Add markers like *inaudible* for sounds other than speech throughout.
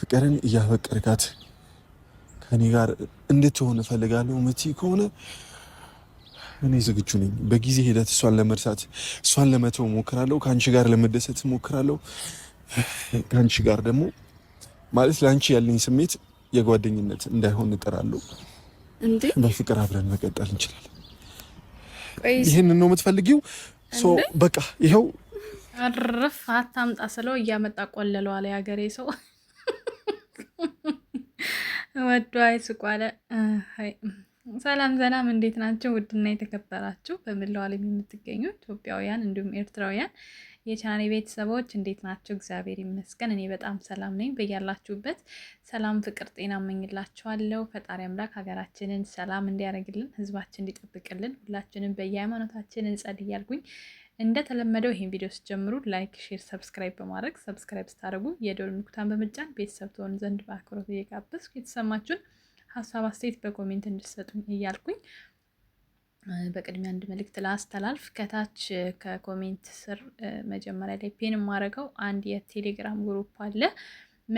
ፍቅርን እያፈቀርካት ከኔ ጋር እንድትሆን እፈልጋለሁ የምትይ ከሆነ እኔ ዝግጁ ነኝ። በጊዜ ሂደት እሷን ለመርሳት እሷን ለመተው ሞክራለሁ። ከአንቺ ጋር ለመደሰት ሞክራለሁ ከአንቺ ጋር ደግሞ ማለት ለአንቺ ያለኝ ስሜት የጓደኝነት እንዳይሆን እጥራለሁ። በፍቅር አብረን መቀጠል እንችላለን። ይህን ነው የምትፈልጊው? በቃ ይኸው አረፍ አታምጣ ስለው እያመጣ ቆለለዋል የሀገሬ ሰው። ወዷ ይስቋለ። ሰላም ሰላም፣ እንዴት ናቸው? ውድና የተከበራችሁ በመላው ዓለም የምትገኙ ኢትዮጵያውያን እንዲሁም ኤርትራውያን የቻኔ ቤተሰቦች እንዴት ናቸው? እግዚአብሔር ይመስገን እኔ በጣም ሰላም ነኝ። በያላችሁበት ሰላም፣ ፍቅር፣ ጤና እመኝላችኋለሁ። ፈጣሪ አምላክ ሀገራችንን ሰላም እንዲያደርግልን፣ ህዝባችን እንዲጠብቅልን፣ ሁላችንም በየሃይማኖታችን እንጸልይ እያልኩኝ እንደተለመደው ይህን ቪዲዮ ስጀምሩ ላይክ፣ ሼር፣ ሰብስክራይብ በማድረግ ሰብስክራይብ ስታደርጉ የደወል ምልክቱን በመጫን ቤተሰብ ትሆኑ ዘንድ በአክብሮት እየጋበዝኩ የተሰማችሁን ሀሳብ አስተያየት በኮሜንት እንድትሰጡኝ እያልኩኝ በቅድሚያ አንድ መልእክት ላስተላልፍ። ከታች ከኮሜንት ስር መጀመሪያ ላይ ፔን የማደርገው አንድ የቴሌግራም ግሩፕ አለ።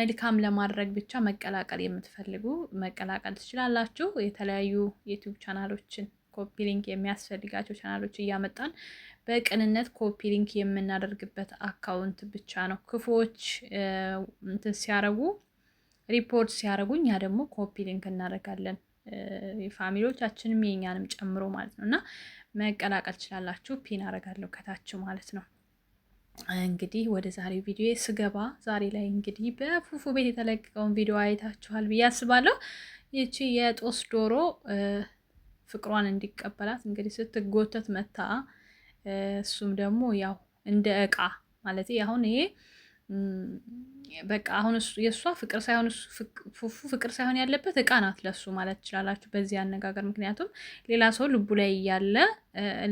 መልካም ለማድረግ ብቻ መቀላቀል የምትፈልጉ መቀላቀል ትችላላችሁ። የተለያዩ ዩቲዩብ ቻናሎችን ኮፒ ሊንክ የሚያስፈልጋቸው ቻናሎች እያመጣን በቅንነት ኮፒ ሊንክ የምናደርግበት አካውንት ብቻ ነው። ክፎች እንትን ሲያረጉ ሪፖርት ሲያደረጉ እኛ ደግሞ ኮፒ ሊንክ እናደርጋለን። ፋሚሊዎቻችንም የኛንም ጨምሮ ማለት ነው እና መቀላቀል ችላላችሁ ፒን አደርጋለሁ ከታች ማለት ነው። እንግዲህ ወደ ዛሬው ቪዲዮ ስገባ ዛሬ ላይ እንግዲህ በፉፉ ቤት የተለቀቀውን ቪዲዮ አይታችኋል ብዬ አስባለሁ። ይቺ የጦስ ዶሮ ፍቅሯን እንዲቀበላት እንግዲህ ስትጎተት መታ። እሱም ደግሞ ያው እንደ እቃ ማለት አሁን ይሄ በቃ አሁን የእሷ ፍቅር ሳይሆን ፉፉ ፍቅር ሳይሆን ያለበት እቃ ናት ለሱ ማለት ትችላላችሁ በዚህ አነጋገር። ምክንያቱም ሌላ ሰው ልቡ ላይ እያለ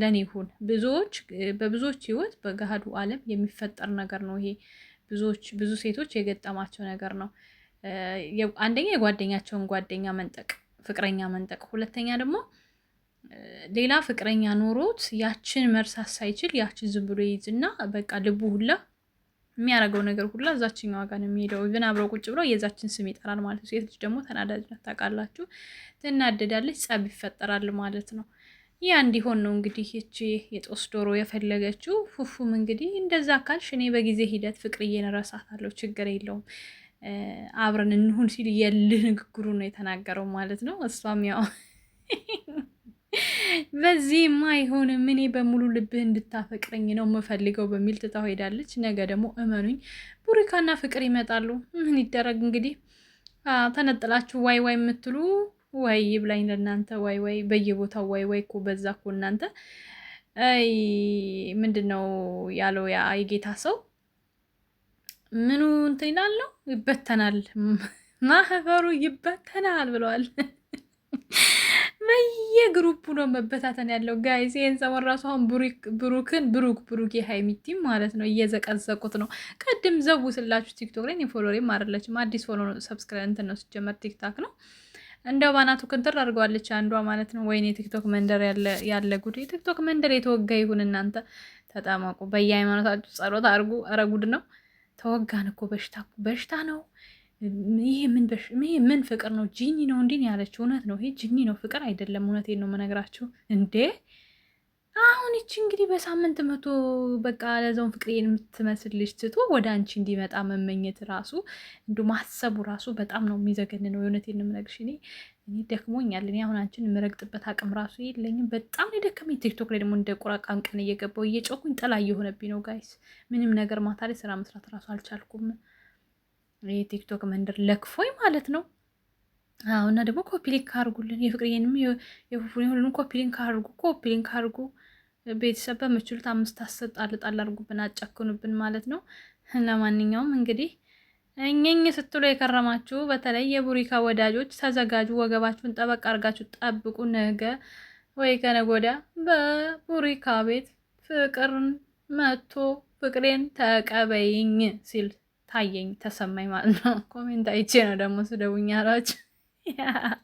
ለእኔ ይሁን ብዙዎች በብዙዎች ህይወት በገሃዱ ዓለም የሚፈጠር ነገር ነው ይሄ። ብዙዎች ብዙ ሴቶች የገጠማቸው ነገር ነው። አንደኛ የጓደኛቸውን ጓደኛ መንጠቅ፣ ፍቅረኛ መንጠቅ፣ ሁለተኛ ደግሞ ሌላ ፍቅረኛ ኖሮት ያችን መርሳት ሳይችል ያችን ዝም ብሎ ይይዝና በቃ ልቡ ሁላ የሚያደርገው ነገር ሁላ እዛችኛ ዋጋ ነው የሚሄደው። ግን አብረው ቁጭ ብለው የዛችን ስም ይጠራል ማለት ነው። ሴት ልጅ ደግሞ ተናዳጅ ታውቃላችሁ፣ ትናደዳለች፣ ጸብ ይፈጠራል ማለት ነው። ያ እንዲሆን ነው እንግዲህ ይቺ የጦስ ዶሮ የፈለገችው። ፉፉም እንግዲህ እንደዛ ካልሽ እኔ በጊዜ ሂደት ፍቅርዬን እረሳታለሁ፣ ችግር የለውም አብረን እንሁን ሲል የልህ ንግግሩ ነው የተናገረው ማለት ነው። እሷም ያው በዚህማ አይሆንም፣ እኔ በሙሉ ልብህ እንድታፈቅረኝ ነው የምፈልገው በሚል ትታው ሄዳለች። ነገ ደግሞ እመኑኝ ቡሪካና ፍቅር ይመጣሉ። ምን ይደረግ እንግዲህ ተነጥላችሁ ዋይ ዋይ የምትሉ ወይ ይብላኝ ለእናንተ ዋይ ዋይ በየቦታው ዋይ ዋይ እኮ በዛ እኮ እናንተ ምንድን ነው ያለው ያ የጌታ ሰው ምኑ እንትን ይላል ነው ይበተናል፣ ማህበሩ ይበተናል ብለዋል። በየግሩፑ ነው መበታተን ያለው ጋይስ። ይህን ሰሞን ራሱ አሁን ብሩክን ብሩክ ብሩክ የሃይሚቲም ማለት ነው እየዘቀዘቁት ነው። ቅድም ዘቡ ስላችሁ ቲክቶክ ላይ ፎሎሬም አይደለችም አዲስ ፎሎ ሰብስክራይብ እንትን ነው ሲጀመር ቲክታክ ነው እንደው ባናቱ ክንትር አድርገዋለች አንዷ ማለት ነው። ወይኔ የቲክቶክ መንደር ያለ ጉድ! የቲክቶክ መንደር የተወጋ ይሁን እናንተ ተጠማቁ። በየሃይማኖታችሁ ጸሎት አድርጉ። ኧረ ጉድ ነው። ተወጋን እኮ በሽታ በሽታ ነው። ይሄ ምን ፍቅር ነው? ጂኒ ነው እንዲን ያለችው። እውነት ነው፣ ይሄ ጂኒ ነው፣ ፍቅር አይደለም። እውነቴን ነው የምነግራችሁ። እንዴ አሁን ይቺ እንግዲህ በሳምንት መቶ በቃ ለዛውን ፍቅር የምትመስል ልጅ ትቶ ወደ አንቺ እንዲመጣ መመኘት ራሱ እንዲ ማሰቡ ራሱ በጣም ነው የሚዘገን ነው። የእውነቴን የምነግርሽ እኔ እኔ ደክሞኛል። እኔ አሁን አንቺን የምረግጥበት አቅም ራሱ የለኝም። በጣም ነው የደከመኝ። ቲክቶክ ላይ ደግሞ እንደ ቁራቃን ቀን እየገባው እየጨኩኝ ጠላ እየሆነብኝ ነው ጋይስ። ምንም ነገር ማታ ላይ ስራ መስራት ራሱ አልቻልኩም። የቲክቶክ መንደር ለክፎይ ማለት ነው። እና ደግሞ ኮፒሊንክ አድርጉልን የፍቅርንም የሁሉም ኮፒሊንክ አድርጉ፣ ኮፒሊንክ አድርጉ። ቤተሰብ በምችሉት አምስት አሰጥ አልጣል ጣል አድርጉብን፣ አጨክኑብን ማለት ነው። ለማንኛውም እንግዲህ እኘኝ ስትሉ የከረማችሁ በተለይ የቡሪካ ወዳጆች ተዘጋጁ፣ ወገባችሁን ጠበቅ አድርጋችሁ ጠብቁ። ነገ ወይ ከነገ ወዲያ በቡሪካ ቤት ፍቅርን መጥቶ ፍቅሬን ተቀበይኝ ሲል ታየኝ ተሰማኝ ማለት ነው። *laughs* ኮሜንት አይቼ ነው ደግሞ ስደቡኝ አላችሁ። *laughs*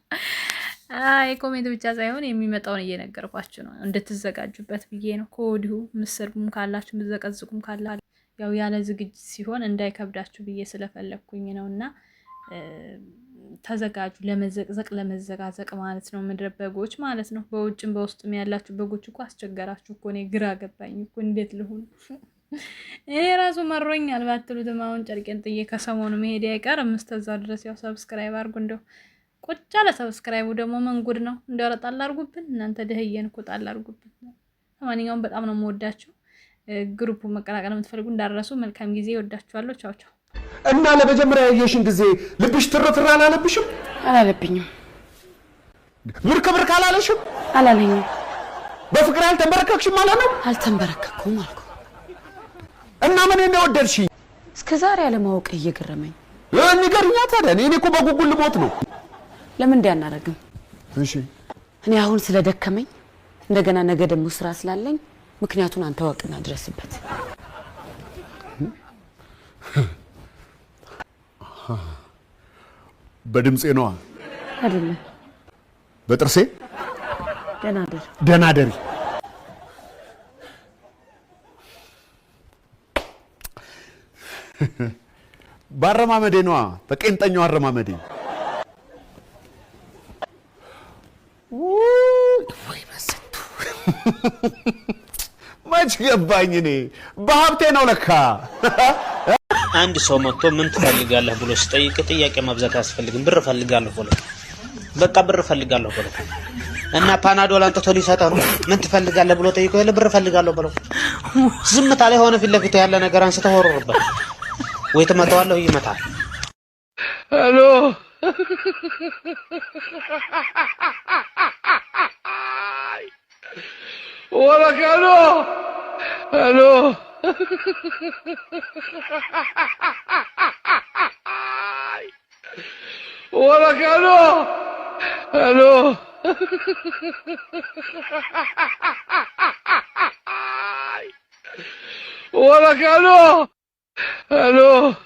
ኮሜንት ብቻ ሳይሆን የሚመጣውን እየነገርኳችሁ ነው እንድትዘጋጁበት ብዬ ነው ከወዲሁ። ምስርም ካላችሁ ምዘቀዝቁም ካላ ያው ያለ ዝግጅት ሲሆን እንዳይከብዳችሁ ብዬ ስለፈለግኩኝ ነው እና ተዘጋጁ ለመዘቅዘቅ ለመዘጋዘቅ ማለት ነው። ምድረ በጎች ማለት ነው። በውጭም በውስጥም ያላችሁ በጎች እኮ አስቸገራችሁ እኮ እኔ ግራ ገባኝ እኮ እንዴት ልሁን? ይሄ ራሱ መሮኛል ባትሉትም አሁን ጨርቄን ጥዬ ከሰሞኑ መሄድ አይቀርም። እስተዛ ድረስ ያው ሰብስክራይብ አርጉ። እንደው ቁጭ አለ ሰብስክራይቡ ደግሞ መንጉድ ነው። እንደው ኧረ ጣል አርጉብን እናንተ ደህየን እኮ ጣል አርጉብን። ለማንኛውም በጣም ነው የምወዳችሁ። ግሩፑ መቀላቀል የምትፈልጉ እንዳረሱ። መልካም ጊዜ። ወዳችኋለሁ። ቻው ቻው። እና ለመጀመሪያ ያየሽን ጊዜ ልብሽ ትርትር አላለብሽም? አላለብኝም። ብርክ ብርክ አላለሽም? አላለኝም። በፍቅር አልተንበረከክሽም አላለም? አልተንበረከኩም አልኩ እና ምን እንደወደድሽኝ እስከ ዛሬ አለማወቅ እየገረመኝ ንገርኛ። ታዲያ እኔ እኮ በጉጉል ልሞት ነው። ለምን እንዲህ አናደርግም? እሺ እኔ አሁን ስለደከመኝ እንደገና ነገ ደግሞ ስራ ስላለኝ ምክንያቱን አንተ ወቅና ድረስበት። በድምፄ ነዋ አይደለ? በጥርሴ ደናደሪ ደናደሪ ባረማመዴ ነዋ፣ በቄንጠኛው አረማመዴ መች ገባኝ እኔ በሀብቴ ነው ለካ። አንድ ሰው መጥቶ ምን ትፈልጋለህ ብሎ ሲጠይቅ ጥያቄ ማብዛት አያስፈልግም። ብር እፈልጋለሁ ብሎ በቃ ብር እፈልጋለሁ ብሎ እና ፓናዶል አንጥቶ ሊሰጠው ነው። ምን ትፈልጋለህ ብሎ ጠይቆ ብር እፈልጋለሁ ብሎ ዝምታ ላይ ሆነ ፊት ለፊቱ ያለ ነገር አንስተ ሆሮርበት ወይ ትመታዋለህ ወይ ይመታል። ሄሎ ወላሂ ሄሎ ሄሎ ወላሂ ሄሎ ሄሎ ወላሂ ሄሎ ¡Aló!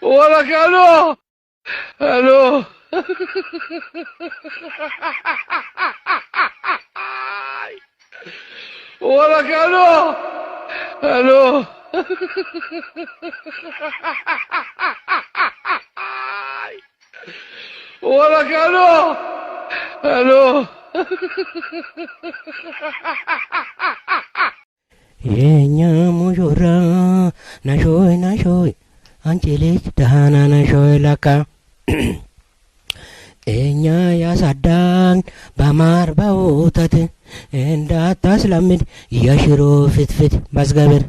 ¡Hola, ¿aló? ¡Aló! ¡Hola, ¿Aló? ¡Aló! ¡Hola, ¡Aló! ¡Aló! የኛ ሙሽራ ናሾይ ናሾይ፣ አንቺ ልጅ ደህና ናሾይ ላካ እኛ ያሳዳን በማር በወተት እንዳታስለምድ የሽሮ ፍትፍት ባስገብር